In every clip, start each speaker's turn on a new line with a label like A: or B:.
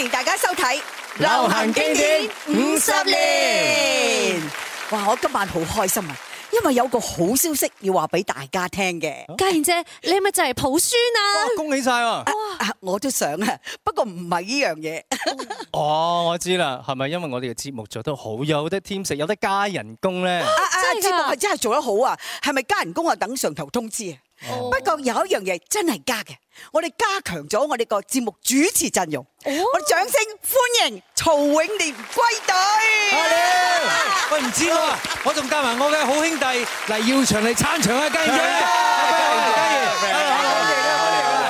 A: 歡迎大家收睇
B: 流行經典五十年。
A: 哇！我今晚好開心啊，因為有個好消息要話俾大家聽嘅。家燕姐，你係咪就嚟抱孫啊？恭喜曬啊！我都想啊，不過唔係呢樣嘢。
C: 哦，我知啦，係咪因為我哋嘅節目做得好，有得添食，有得加人工咧、
A: 啊啊？真係節目係真係做得好啊！係咪加人工啊？等上頭通知啊！不過有一樣嘢真係加嘅，我哋加強咗我哋個節目主持陣容。我掌聲
D: 歡迎曹永廉歸隊。喂，唔知喎，我仲加埋我嘅好兄弟黎耀祥嚟撐場嘅雞爺。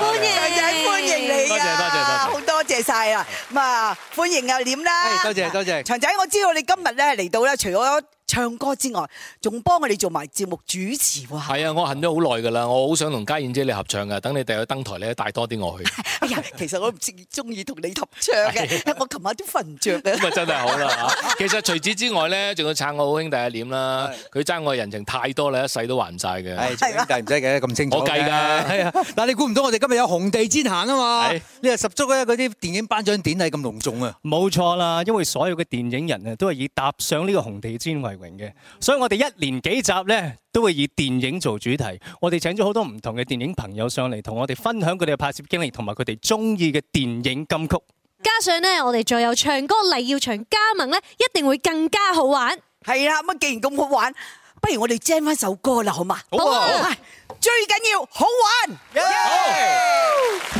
D: 歡迎，
E: 祥仔，歡迎你啊！多謝多謝，
A: 好多謝晒啦。咁啊，歡迎阿稔啦。多謝多謝，祥仔，我知道你今日咧嚟到咧，除咗。唱歌之外，仲幫我哋做埋節目主持喎。
F: 係啊，我恨咗好耐㗎啦，我好想同嘉燕姐你合唱㗎。等你第日登台咧，帶多啲我去。哎
A: 呀，其實我唔中意同你合唱嘅，我琴晚都瞓唔
F: 著嘅。咁啊，真係好啦。其實除此之外咧，仲要撐我好兄弟阿廉啦。佢爭我人情太多啦，一世都還唔晒嘅。係唔使計得咁清楚。我計㗎，係啊。
D: 嗱，你估唔到我哋今日有紅地毯行啊嘛？呢你係十足嗰啲電影頒獎典禮咁
C: 隆重啊！冇錯啦，因為所有嘅電影人啊，都係以踏上呢個紅地毯為明嘅，所以我哋一連幾集呢都會以電影做主題，我哋請咗好多唔同嘅電影朋友上嚟，同我哋分享佢哋嘅拍攝經歷，同埋佢哋中意嘅電影金曲。
G: 加上呢，我哋仲有唱歌黎耀祥加盟呢，一定會更加好玩。係啦，咁既然咁好玩，不如我哋 jam 翻首歌啦，好嘛？好啊！最緊要好玩。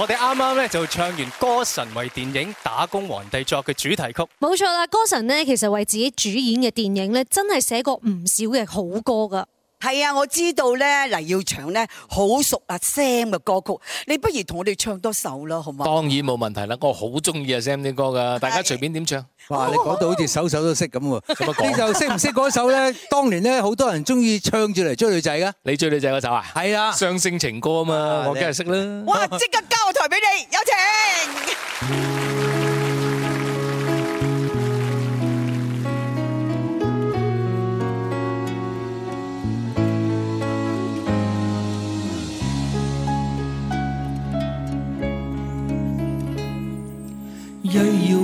C: 我哋啱啱咧，就唱完歌神為電影《打工皇帝》作嘅主題曲，
G: 冇錯啦！歌神咧，其實為自己主演嘅電影咧，真係寫過唔少嘅好歌㗎。係啊，我知道咧，黎耀祥咧
A: 好熟阿 Sam 嘅歌曲，你不如同我哋唱多首啦，好唔好？當
F: 然冇問題啦，我好中意阿 Sam 啲歌噶，的大家隨便點唱。哇，你嗰度好似首首都識咁喎，咁啊講。你就識
D: 唔識嗰首咧？ 當年咧好多人中意唱住嚟追女仔噶，
F: 你追女仔嗰首啊？係啊，傷
D: 心情歌啊嘛，我梗係識啦。
F: 哇！即刻交台俾你，有請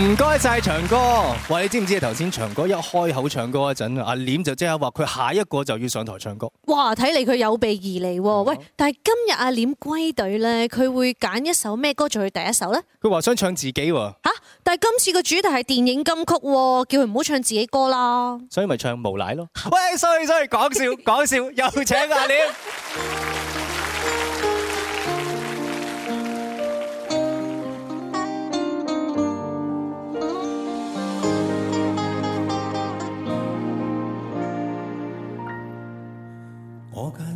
C: 唔該晒長哥，喂，你知唔知啊？頭先長哥一開口唱歌嗰陣，阿廉就即刻話佢下一個就要上台唱歌。
G: 哇，睇嚟佢有備而嚟喎。嗯、喂，但係今日阿廉歸隊咧，佢會揀一首咩歌做佢第一首咧？
C: 佢話想唱自己喎。嚇、啊！
G: 但係今次個主題係電影金曲，叫佢唔好唱自己歌啦。
C: 所以咪唱無賴咯。
G: 喂，Sorry sorry 講
C: 笑講笑，又請阿廉。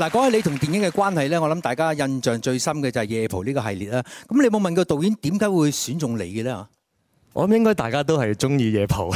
D: 嗱，講起你同電影嘅關係咧，我諗大家印象最深嘅就係《夜蒲》呢個系列啦。咁你有冇問過導演點
H: 解會選中你嘅咧？我諗應該大家都係中意《夜蒲》。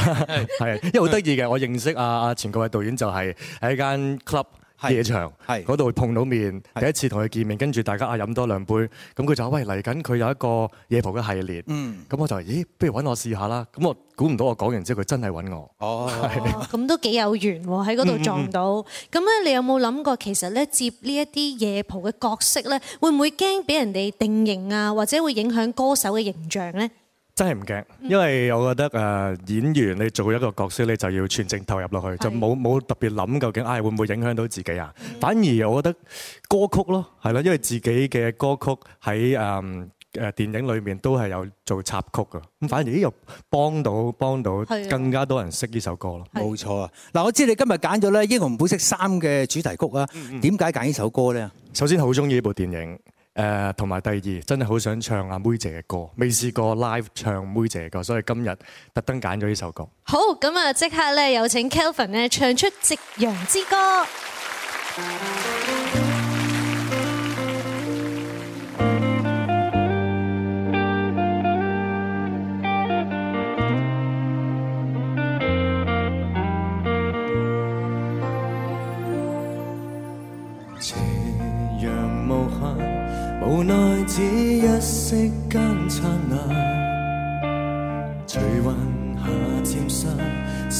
H: 係， 因為好得意嘅。 我認識阿阿全個位導演就係喺間 club。是夜場，嗰度是碰到面，是第一次同佢見面，跟住大家啊飲多兩杯，咁佢就話：喂，嚟緊佢有一個夜蒲嘅系列，咁、嗯、我就話：咦，不如搵我試下啦。咁我估唔到，我講完之後佢真係搵我。
G: 哦，是哦，咁都幾有緣喎，喺嗰度撞到。咁咧，你有冇諗過其實咧接呢一啲夜蒲嘅角色咧，會唔會驚俾人哋定型啊，或者會影響歌手嘅形象咧？真係唔驚，
H: 因為我覺得誒演員你做一個角色，你就要全情投入落去，就冇冇特別諗究竟，唉會唔會影響到自己啊？反而我覺得歌曲咯，係咯，因為自己嘅歌曲喺誒誒電影裏面都係有做插曲㗎，咁反而又幫到幫到更加多人識呢首歌
D: 咯。冇錯啊！嗱，我知你今日揀咗咧《英雄本色三》嘅主題曲啊，點解揀呢首
H: 歌咧？首先好鍾意呢部電影。誒同埋第二，真係好想唱阿妹姐嘅歌，未試過 live 唱妹姐嘅歌，歌，所以今日特登揀咗呢首歌。
G: 好，咁啊即刻咧，有請 Kelvin 咧唱出《夕陽之歌》。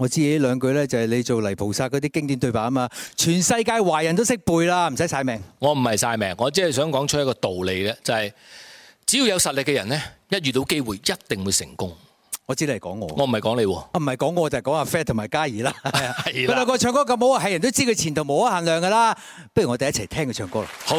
D: 我知呢兩句咧就係你做泥菩薩嗰啲經典對白啊嘛，全世界華人都識背啦，唔使晒命。我唔係晒命，我只係想講出一個道理咧，就係只要有實力嘅人咧，一遇到機
F: 會一定會成功。我知你係講我，我唔係講你，我
D: 唔係講我，就係講阿 Fat 同埋嘉怡
I: 啦。係啊，
D: 係啊。佢兩個唱歌咁好啊，係人都知佢前途無可限量噶啦。不如我哋一齊聽佢唱歌啦。好。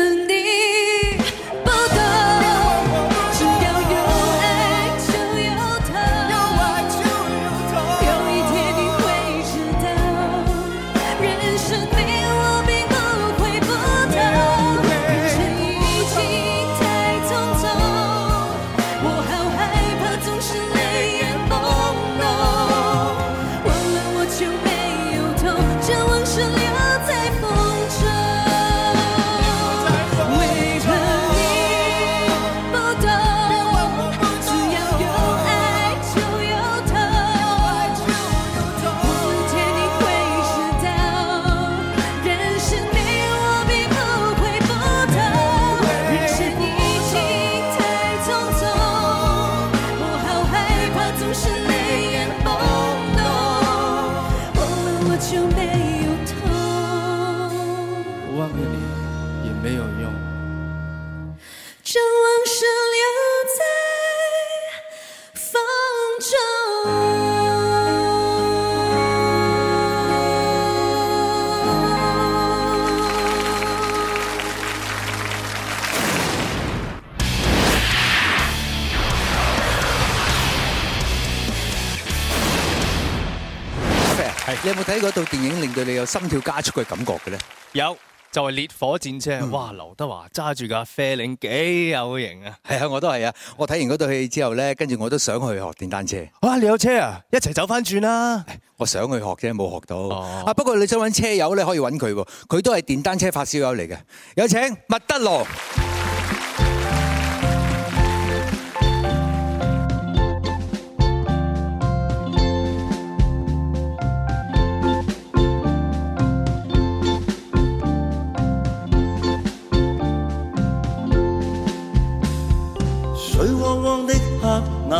D: 你有冇睇嗰套電影令到你有心跳加速嘅感覺嘅咧？
C: 有，就係、是、烈火戰車，哇！劉德華揸住架飛鈴，幾有型啊！係啊，我都係啊！我睇完嗰套戲之後咧，跟住我都想去學電單車。啊，你有車啊？一齊走翻轉啦！我想去學啫，冇學到。
D: 啊、哦，不過你想搵車友咧，可以搵佢喎，佢都係電單車發燒友嚟嘅。有請麥德羅。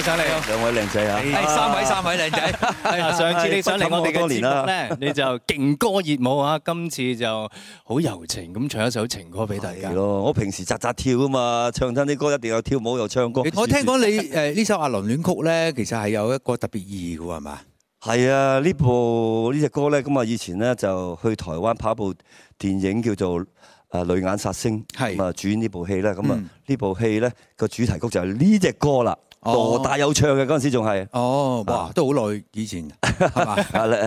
D: 上
C: 嚟，兩位靚仔啊！係三位，三
D: 位
I: 靚
D: 仔。上次你上嚟我哋嘅節目咧，你
C: 就勁歌熱舞啊！今次就好柔情，咁
I: 唱一首情歌俾大家咯。我平時扎扎跳啊嘛，唱親啲歌一定有跳舞又唱歌。我聽講你誒呢首《阿倫戀曲》咧，其實係有一個特別意義嘅係嘛？係啊，呢部呢隻歌咧，咁啊以前咧就去台灣拍一部電影叫做《啊淚眼殺星》，係咁啊主演呢部戲啦。咁啊呢部戲咧個主題曲就係呢隻歌啦。羅大有唱嘅嗰陣時仲係，哦，哇，都好耐以前，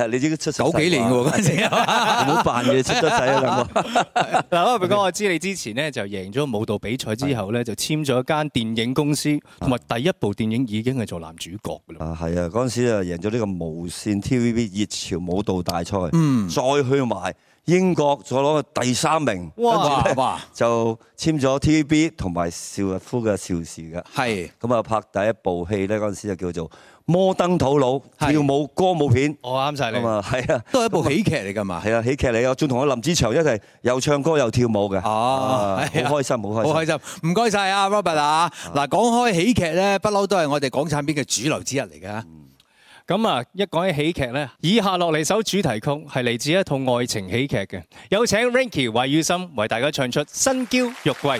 C: 你知九幾年喎嗰陣時，唔好扮嘢出咗世啊兩個。嗱，阿炳哥，我知你之前咧就贏咗舞蹈比賽之後咧就簽咗間電影公司，同埋第一部電影已經係做男主角噶
I: 啦。啊，係啊，嗰陣時啊贏咗呢個無線 TVB 熱潮舞蹈大賽，嗯，再去埋。英國再攞個第三名，跟住哇就簽咗 TVB 同埋邵逸夫嘅邵氏嘅，係咁啊拍第一部戲咧，嗰陣時就叫做《摩登土佬》的跳舞歌舞片，我啱晒你啊，係啊，是的都係一部喜劇嚟㗎嘛，係啊，喜劇嚟啊，仲同阿林子祥一齊又唱歌又跳
C: 舞嘅，哦，好開心，好開心，好開
D: 心，唔該晒啊 Robert 啊，嗱，講開喜劇咧，不嬲都係我哋港產片嘅主流之一嚟
C: 㗎。咁啊，一講起喜劇呢，以下落嚟首主題曲係嚟自一套愛情喜劇嘅，有請 Rainky 蔚雨芯為大家唱出《身嬌肉貴》。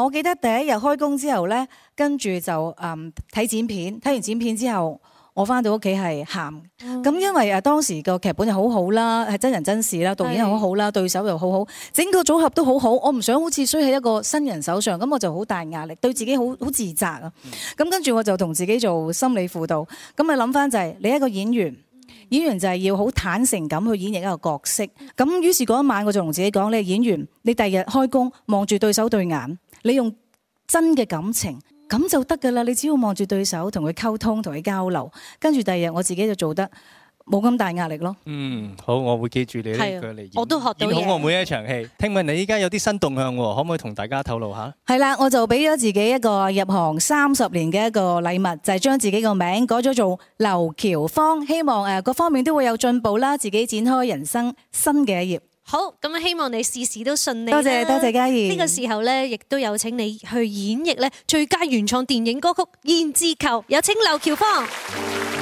B: 我記得第一日開工之後呢，跟住就誒睇、嗯、剪片，睇完剪片之後，我翻到屋企係喊。咁、嗯、因為誒當時個劇本又好好啦，係真人真事啦，導演又好好啦，是、對手又好好，整個組合都好好。我唔想好似衰喺一個新人手上，咁我就好大壓力，對自己好好自責啊。咁、嗯、跟住我就同自己做心理輔導，咁咪諗翻就係、就是、你是一個演員。演員就係要好坦誠咁去演繹一個角色，咁於是嗰一晚我就同自己講：你係演員，你第日開工望住對手對眼，你用真嘅感情，咁就得㗎喇。你只要望住對手，同佢溝通，同佢交流，跟住第日我自己就做得。冇咁大壓力咯。嗯，
C: 好，我會記住你呢句，我都學到演好我每一場戲。 聽聞你依家有啲新動向喎，可唔可以同大家透露下？
B: 係啦，我就俾咗自己一個入行三十年嘅一個禮物，就係、是、將自己個名字改咗做劉喬方，希望誒各方面都會有進步啦，自己展開人生新嘅一頁。好，
G: 咁啊，希望你事事都順利多。多謝多謝嘉怡。呢個時候呢，亦都有請你去演繹呢最佳原創電影歌曲《胭脂扣》，有請劉喬方。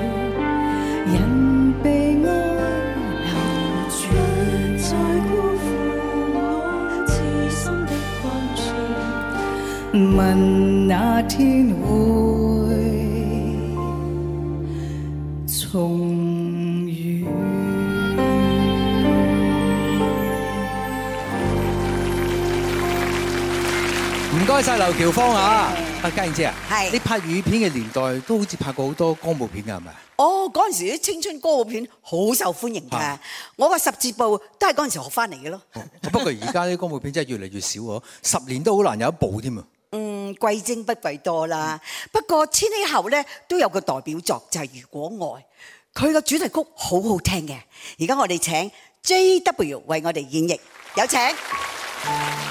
B: 問那天
E: 會重遇，
D: 唔該晒劉喬方啊，阿家謝燕姐啊，係是你拍粵語片嘅年代都好似拍過好多歌舞片噶係咪？哦，
A: 嗰陣、oh, 時啲青春歌舞片好受歡迎噶，啊、我個十字步都係嗰陣時學翻嚟嘅
D: 咯。Oh, 不過而家啲歌舞片真係越嚟越少嗬， 十年都好難有一部添啊！
A: 嗯，貴精不貴多啦。嗯、不過《千禧後》咧都有個代表作就係、是《如果愛》，佢個主題曲好好聽嘅。而家我哋請 JW 為我哋演繹，有請。嗯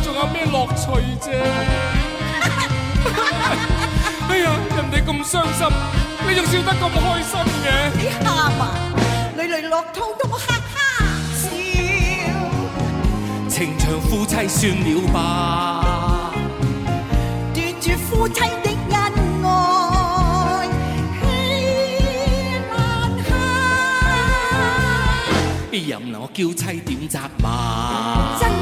F: 仲有咩樂趣啫？ 哎呀，人哋咁傷心，你仲笑得咁開心嘅？你下嘛，
A: 嚟嚟落肚都哈哈笑,笑。
F: 情長夫妻算了吧，
A: 斷絕夫妻的
E: 恩愛，氣難
F: 消。任、哎、我嬌妻點責罵。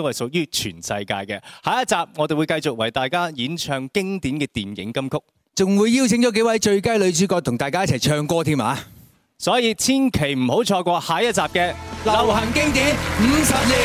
C: 都係屬於全世界嘅。下一集我哋會繼續為大家演唱經典嘅電影金曲，仲會邀請咗幾位最佳女主角同大家一齊唱歌添啊！所以千祈唔好錯過下一集嘅流行經
D: 典五十年。